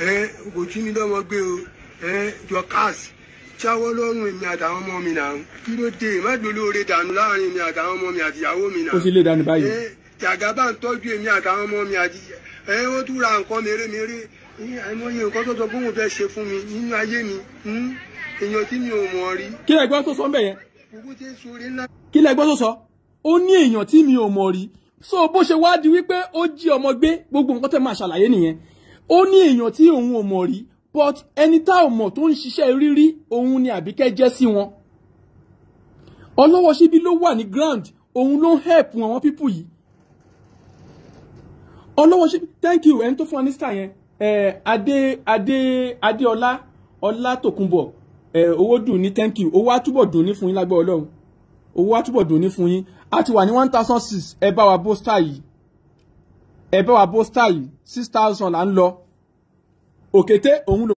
kò jí mi lọ́mọ gbé o your cars jáwọ́ lọ́rùn èmi àtàwọn ọmọ mi náà kí ló dé má dolóore dànù láàrin èmi àtàwọn ọmọ mi àtìyàwó mi náà. ó sì lè dànù báyìí. jàgá bá ń tọ́jú èmi àtàwọn ọmọ mi àti ẹ ó tún ra nǹkan mèremère àìmọye nǹkan tó sọ pé òun fẹ́ ṣe fún mi nínú ayé mi hm? èèyàn tí mi ò mọ̀ rí. kí lẹ gbọ́ tó sọ ń bẹ̀ yẹn. kí lẹ gbọ́ tó sọ ó ní èèyàn tí mi ò mọ̀ rí so bó ṣe wá di wípé ó jí ọmọ gbé gbogbo nǹkan tẹ́ máa ṣàlàyé nìyẹn ó ní èèyàn tí òun ò mọ̀ rí but ẹni tá ò mọ̀ tó ń ṣiṣẹ́ rírí òun ni àbíkẹ́ jẹ́ sí wọn ọlọ́wọ́ síbí ló wà ní ground òun ló ń help àwọn pípù yìí ọlọ́wọ́ síbí thank you ẹni tó fún wa ní star yẹn eh, adé adé adéọlá ọlá tòkunbọ̀ eh, owó dùn ní thank you owó àtúbọ̀ dùn ní fún yín lágbára ọlọ́run owó àtúbọ̀ dùn ní fún yín a ti wà ní one thousand six ẹ bá wa bó star yìí ẹ bá wa bó star yìí six thousand là ń lọ òkété òun lò.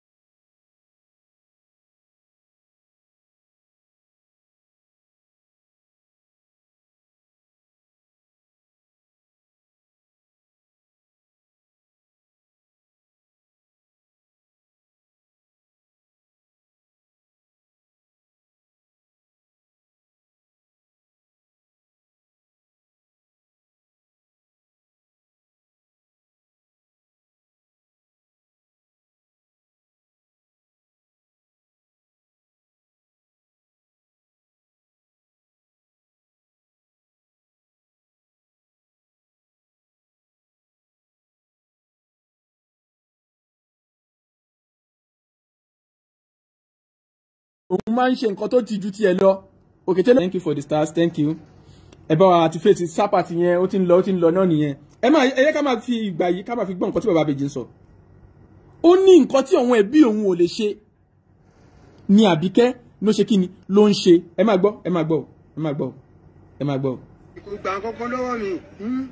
òun máa ń ṣe nǹkan tó ti ju tiẹ̀ lọ òkè tẹ́lẹ̀. thank you for the stars thank you ẹ bá wa àti fèsì sápà ti yẹn ó ti ń lọ ó ti ń lọ náà nìyẹn ẹ máa ẹ yẹ ká máa fi ìgbà yìí ká máa fi gbọ́ nǹkan tí bàbá bèjì ń sọ. ó ní nǹkan tí àwọn ẹbí òun ò lè ṣe ni àbíkẹ́ ló ṣe kíni ló ń ṣe ẹ máa gbọ́ ẹ máa gbọ́ ẹ máa gbọ́ ẹ máa gbọ́. ìgbà kankan lọ́wọ́ mi hmm,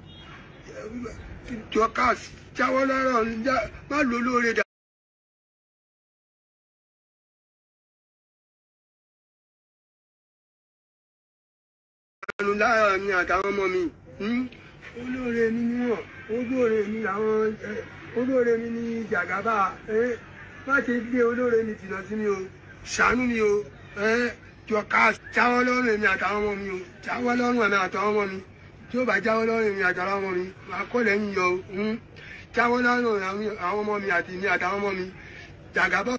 jọ káàsì jáwọ́ lọ́rọ̀ má lò lóore dà. mi àtàwọn ọmọ mi hmm? olóore mi ni wọn olóore mi làwọn eh, olóore mi ni jàgàbá eh, má ṣe gbé olóore mi jìnnà sí mi o ṣàánú mi o eh, jọ̀ka jáwọ́ lọ́rùn èmi àtàwọn ọmọ mi o jáwọ́ lọ́rùn èmi àtàwọn ọmọ mi tí ó bá jáwọ́ lọ́rùn èmi àtàwọn ọmọ mi máa kọ́ lẹ́yìn yọ hmm? jáwọ́ lọ́rùn àwọn ọmọ mi àti èmi àtàwọn ọmọ mi jàgàbá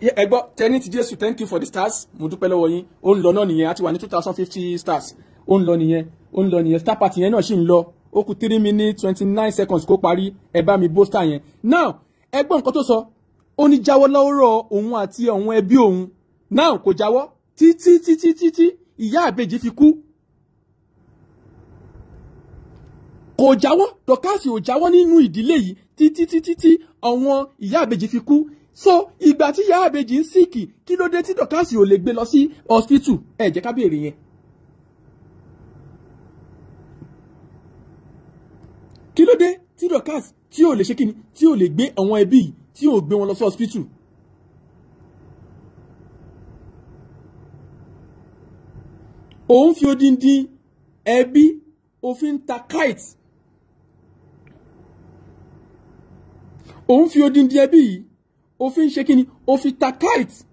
ẹ gbọ́ tẹ́ni ti Jésù thank you for the stars mo dúpẹ́ lọ́wọ́ yín ó ń lọ náà nìyẹn a ti wà ní two thousand fifty stars ó ń lọ nìyẹn ó ń lọ nìyẹn star party yẹn náà sì ń lọ ó kù three minutes twenty nine seconds kó parí ẹ bá mi bó star yẹn now ẹ gbọ́ nǹkan tó sọ ó ní jáwọ́ lọ́wọ́rọ́ òun àti àwọn ẹbí òun now kò jáwọ́ títí títí títí ìyá àbèjì fi kú kò jáwọ́ dọ̀kásì ò jáwọ́ nínú ìdílé yìí títí títí tí àwọn ìyá àbèjì fi kú so ìgbà tí ìyá àbèjì ń síìkì kí ló dé tí dọ̀kásì ò lè gbé lọ sí hospital ẹ̀ jẹ́ ká béèrè yẹn. kí ló dé tí dọ̀kásì tí ò lè ṣe kíni tí ò lè gbé àwọn ẹbí yìí tí ò gbé wọn lọ sí hospital. òun fi odindi ẹbí òfin ta kite òun fi odindi ẹbí yìí o fi ń ṣe kíni o fi ta tithe.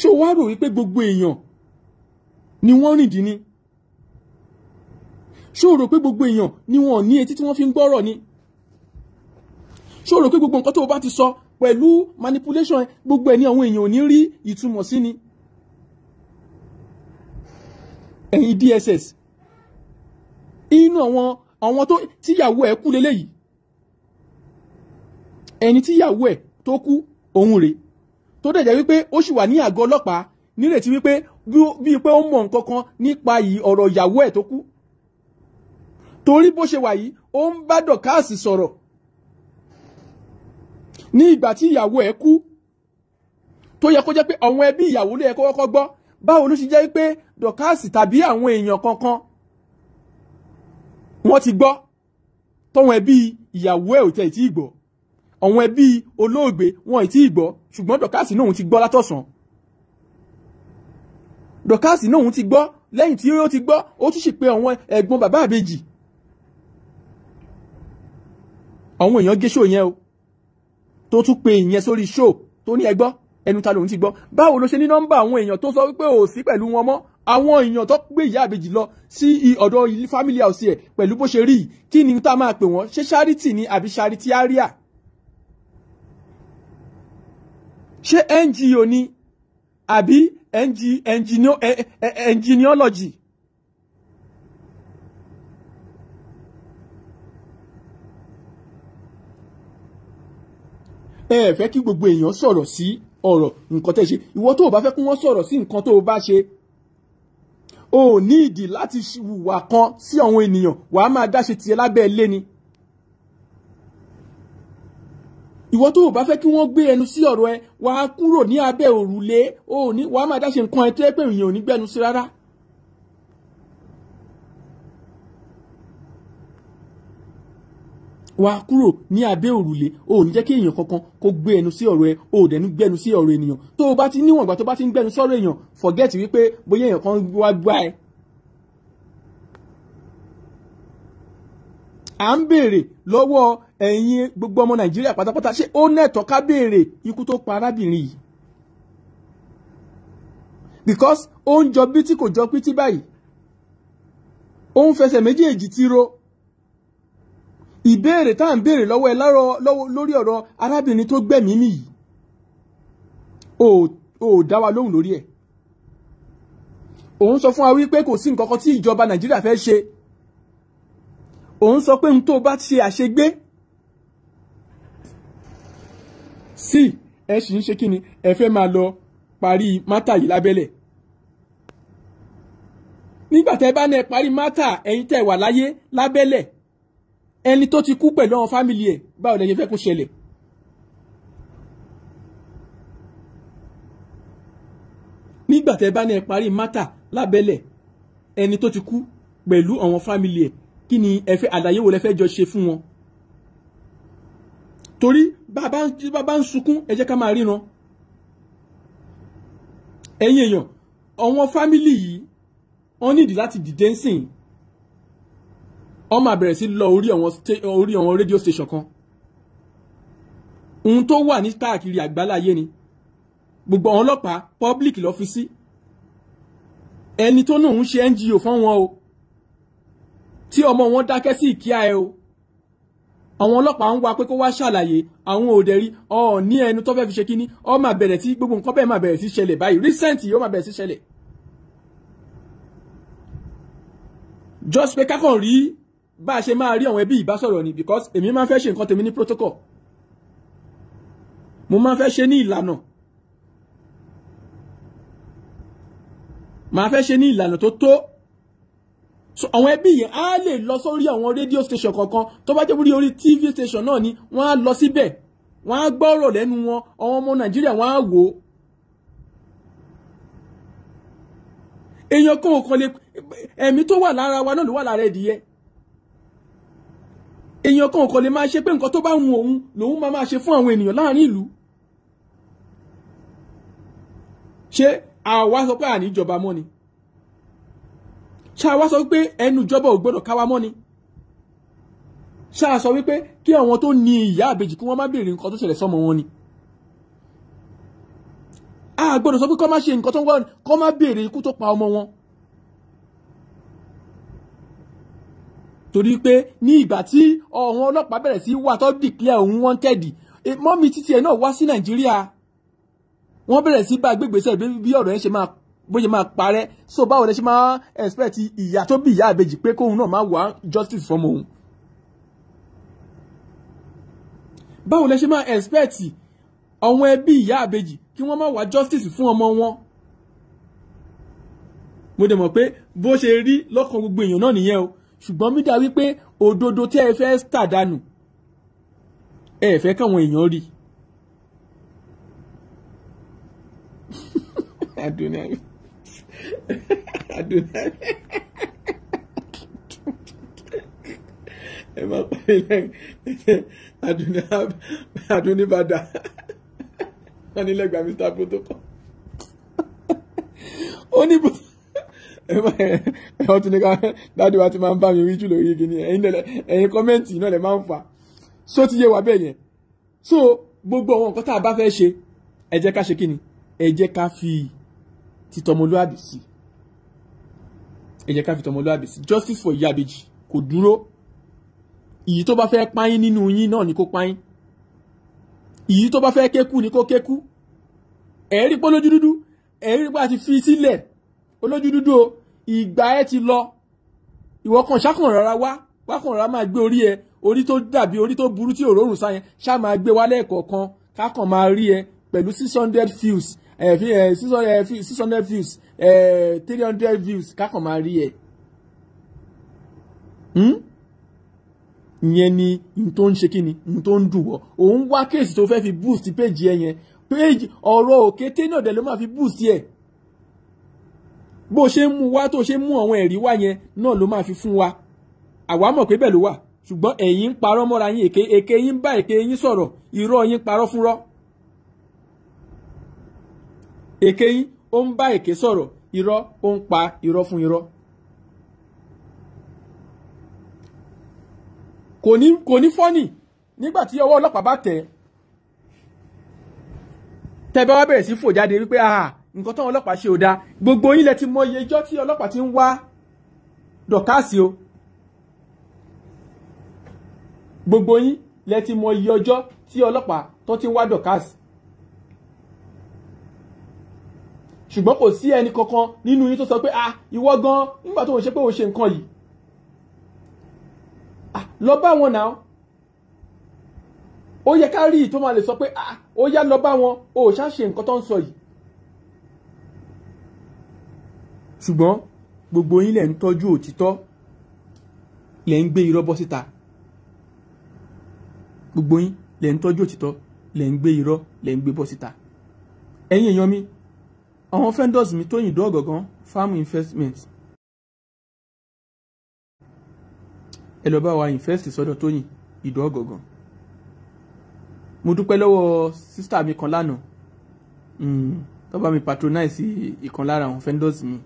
ṣé o wá rò wípé gbogbo èèyàn ni wọ́n rìn dín ní ṣé o rò pé gbogbo èèyàn ni wọn ò ní etí tí wọ́n fi ń gbọ́rọ̀ ni ṣé o rò pé gbogbo nǹkan tó o bá ti sọ pẹ̀lú manipulation gbogbo ẹ̀ ní àwọn èèyàn ò ní rí ìtumọ̀ sí ni ẹ̀yin DSS inú àwọn àwọn tó tíyàwó ẹ̀ kú leléyìí ẹni tíyàwó ẹ̀ tó kú òun rèé tó dẹ̀ jẹ́ wípé ó sì wà ní àgọ́ ọlọ́pàá nírètí wípé bíi pé ó mọ̀ nǹkan kan nípa yìí ọ̀rọ̀ ìyàwó ẹ̀ tó kú torí bó ṣe wà yìí ó ń bá dọ̀káàsì sọ̀rọ̀ ní ìgbà tí ìyàwó ẹ̀ kú tó yẹ kó jẹ́ pé àwọn ẹbí ìyàwó ló yẹ kó báwo ló ṣe jẹ́ pé dọ̀káàsì tàbí àwọn èèyàn kankan wọ́n ti gbọ́ tọ́wọn ẹbí ìyàwó ẹ̀ ò tẹ̀ tí ì gbọ́ àwọn ẹbí olóògbé wọn ì tí ì gbọ́ ṣùgbọ́n dọ̀kásì náà òun ti gbọ́ látọ̀sán dọ̀kásì náà òun ti gbọ́ lẹ́yìn tí ó ti gbọ́ ó tún sì pé àwọn ẹ̀gbọ́n bàbá àbejì àwọn èèyàn gé ṣó yẹn o tó tún pe ìyẹn sórí ṣó tó ní ẹgbọ́ ẹnu ta lòun ti gbọ́ báwo ló ṣe ní nọ́mbà àwọn èèyàn tó sọ wípé ò sí pẹ̀lú wọn mọ́ àwọn èèyàn tó gbé ìyá àbèjì lọ sí ọ̀dọ̀ family house ẹ̀ pẹ̀lú bó ṣe rí kí ni tá a máa pè wọ́n ṣé charity ni àbí charity area ṣé NGO ni àbí engineology. ẹ ẹ fẹ́ kí gbogbo èèyàn sọ̀rọ̀ sí ọ̀rọ̀ nǹkan tẹ́ ṣe ìwọ tó o bá fẹ́ kí wọ́n sọ̀rọ̀ sí nǹkan tó o bá ṣe o ò ní ìdí láti wùwà kan sí àwọn ènìyàn wàá máa dáṣe tiẹ̀ lábẹ́ ilé ni. ìwọ tó o bá fẹ́ kí wọ́n gbé ẹnu sí ọ̀rọ̀ ẹ wàá kúrò ní abẹ́ òrùlé o ò ní wàá máa dáṣe nǹkan ẹ tó yẹ pé èèyàn ò ní gbẹ́nu sí rárá. wá kúrò ní abẹ́ òrùlé o ò ní jẹ́ kí èèyàn kankan kó gbé ẹnu sí ọ̀rọ̀ ẹ o ò dẹ̀nu gbẹnu sí ọ̀rọ̀ ènìyàn tó o bá ti níwọ̀n ìgbà tó bá ti ń gbẹnu sọ̀rọ̀ èèyàn forget wípé bóyá èèyàn kan wá gbá ẹ. à ń béèrè lọ́wọ́ ẹ̀yin gbogbo ọmọ nàìjíríà pátápátá ṣé ó nẹ̀tọ́ ká béèrè ikú tó pa arábìnrin yìí because ó ń jọ bí tí kò jọ pí tí báyìí ó ń fẹsẹ̀ méjèèjì tiro ìbéèrè tá à ń béèrè lọ́wọ́ ẹ lórí ọ̀rọ̀ arábìnrin tó gbẹ̀mí mi yìí ò ò dá wa lóhùn lórí ẹ̀ òun sọ fún wa wípé kò sí nǹkan kan tí ìjọba nàìjíríà fẹ́ ṣe òun sọ pé n tó bá ṣe àṣegbé sí ẹ sì ń ṣe kí ni ẹ fẹ́ máa lọ parí mátà yìí lábẹ́lẹ̀ nígbà tẹ́ bá ní ẹ parí mátà ẹ̀yin tẹ́ wà láyé lábẹ́lẹ̀ ẹni tó ti kú pẹ̀lú àwọn fámìlì ẹ̀ báwo lẹ́yìn fẹ́ kó ṣẹlẹ̀. nígbà tẹ́ bá ní ẹ parí mátà lábẹ́lẹ̀ ẹni tó ti kú pẹ̀lú àwọn fámìlì ẹ̀ kí ni ẹ fẹ́ àlàyé wo lẹ fẹ́ jọ ṣe fún wọn. torí bàbá ń sunkún ẹ jẹ́ ká máa ríran. ẹ̀yin èèyàn àwọn fámìlì yìí wọ́n nídìí láti dìde ń sìn wọ́n máa bẹ̀rẹ̀ sí lọ orí àwọn orí àwọn rédíò station kan ohun tó wà ní káàkiri àgbáláyé ni gbogbo àwọn ọlọ́pàá public lọ fi sí ẹni tó náà ń ṣe NGO fún wọn o tí ọmọ wọn dákẹ́ sí ìkíá ẹ o àwọn ọlọ́pàá ń wá pé kó wá ṣàlàyé àwọn òdẹ̀rí ọ̀ọ́ní ẹnu tó fẹ́ fi ṣe kínní ó máa bẹ̀rẹ̀ sí gbogbo nǹkan bẹ́ẹ̀ máa bẹ̀rẹ̀ sí ṣẹlẹ̀ báyìí recent ó máa bẹ̀rẹ̀ sí ṣẹlẹ̀ just pé kákan rí bá a ṣe máa rí àwọn ẹbí ìbásọ̀rọ̀ ni because èmi máa ń fẹ́ ṣe nǹkan tèmi ní protocol mo máa ń fẹ́ ṣe ní ìlànà màá fẹ́ ṣe ní ìlànà tó tó so àwọn ẹbí yẹn á lè lọ sórí àwọn rédíò station kankan tó bá jẹ́ orí tv station náà ni wọ́n á lọ síbẹ̀ wọ́n á gbọ́rọ̀ lẹ́nu wọn àwọn ọmọ nàìjíríà wọ́n á wò ó èèyàn kan ò kan lè ẹ̀mí tó wà lára wa náà ló wà lára ẹ̀dìyẹ èèyàn kan kò lè máa ṣe pé nǹkan tó bá hun òun lòun máa máa ṣe fún àwọn ènìyàn láàrin ìlú ṣé àwa sọ pé àní ìjọba mọ́ ni ṣá wa sọ pé ẹnu ìjọba ò gbọ́dọ̀ káwa mọ́ ni ṣá sọ wípé kí àwọn tó ní ìyá àbèjì kí wọ́n má béèrè nǹkan tó ṣẹlẹ̀ sọ́mọ wọn ni a gbọ́dọ̀ sọ pé kó má ṣe nǹkan tó ń gbọ́dọ̀ kó má béèrè ikú tó pa ọmọ wọn torí pé ní ìgbà tí ọ̀hún ọlọ́pàá bẹ̀rẹ̀ sí wà tó dìklẹ́ òun wanted e, mọ́mí títí ẹ̀ náà wá sí nàìjíríà wọ́n bẹ̀rẹ̀ sí bá gbégbèsè bí ọ̀rọ̀ yẹn ṣe máa bó ṣe máa parẹ́ so báwo lẹ ṣe máa expect ìyá tó bí ìyá àbejì pé kóun náà máa wá justice fọmọ òun báwo lẹ ṣe máa expect àwọn ẹbí ìyá àbejì kí wọ́n máa wá justice fún ọmọ wọn mo dẹ̀ mọ̀ pé bó ṣe rí lọ́kàn gbogbo èèyàn náà nìyẹn o ṣùgbọ́n mídà wípé òdodo tí ẹ fẹ́ tà dànù ẹ fẹ́ káwọn èèyàn rí. Adunari Adunari ẹ máa parí lẹ́yìn Adunari bàdà wọn ní lẹ́gbàá Mr Protocol ó ní bùtù ẹ̀wọ̀n tún ní ká dáàdi wa ti máa ń bá mi wí jù lórí igi ni ẹ̀yin kọ́mẹ́ǹtì náà lè máa ń fà so ti yé wa bẹ́ẹ̀ yẹn so gbogbo àwọn nǹkan tá a bá fẹ́ ṣe ẹ jẹ́ ká ṣe kí ni ẹ jẹ́ ká fi titọmọlúàbí sí ẹ jẹ́ ká fi tọmọlúàbí sí justice for Iyabeji kò dúró ìyí tó bá fẹ́ páyín nínú yín náà ni kó páyín ìyí tó bá fẹ́ kékú ni kó kékú ẹ̀ẹ́rí pọ́ lójú dúdú ẹ̀ẹ́rí pọ́ àti fi sílẹ̀ olójú dúdú o ìgbà ẹ ti lọ ìwọ kan ṣákùn rárá wá wákùn rárá máa gbé orí ẹ orí tó dàbí orí tó burú tí òórùn sáyẹn ṣá máa gbé wálé ẹ̀kọ̀ọ̀kan kákan máa rí ẹ pẹ̀lú six hundred views six hundred views three hundred views kákan máa rí ẹ. Hmm? ìyẹn ni n tó ń ṣe kí ni n tó ń dùn wọ́ òun wá kéèsì tó fẹ́ fi boost péjì ẹ yẹn péjì ọ̀rọ̀ òkété náà dẹ̀ ló máa fi boost ẹ̀ bó ṣe ń mú wá tó ṣe ń mú àwọn ẹ̀rí wá yẹn náà ló máa fi fún wa àwa mọ̀ pé bẹ́ẹ̀ ló wà ṣùgbọ́n ẹ̀yin ń parọ́ mọ́ra yín èké èké yín bá èké yín sọ̀rọ̀ irọ́ yín parọ́ fúnrọ́ èké yín ó ń bá èké sọ̀rọ̀ irọ́ ó ń pa irọ́ fún irọ́. kò ní kò ní fọ́nì nígbà tí ọwọ́ ọlọ́pàá bá tẹ̀ tẹ́ bá wá bẹ̀rẹ̀ sí fò jáde wípé ah nǹkan táwọn ọlọ́pàá ṣe ò dáa gbogbo yín lẹ ti mọ iye ijọ́ tí ọlọ́pàá ti ń wá dọ̀kásì o gbogbo yín lẹ ti mọ iye ọjọ́ tí ọlọ́pàá tó ti ń wá dọ̀kásì ṣùgbọ́n kò sí ẹni kankan nínú yín tó sọ pé ah ìwọ gan nígbà tó ń ṣe pé òun ṣe nǹkan yìí ah lọ bá wọn náà ó yẹ ká rí i máa lè sọ pé ah ó yá lọ bá wọn ó ṣáà ṣe nǹkan tó ń sọ yìí ṣùgbọ́n gbogbo yín lẹ̀ ń tọ́jú òtítọ́ lẹ̀ ń gbé irọ́ bọ́ síta gbogbo yín lẹ̀ ń tọ́jú òtítọ́ lẹ̀ ń gbé irọ́ lẹ̀ ń gbé bọ́ síta ẹ̀yin èèyàn mi àwọn vendors mi tó yìndó ọ̀gọ̀gán farm investment ẹ lọ bá wa invest sọ́dọ̀ Tóyìn ìdó ọ̀gọ̀gàn mo dúpẹ́ lọ́wọ́ sísítà mi kan lánàá hmm, tó bá mi patronize ìkan lára àwọn vendors mi.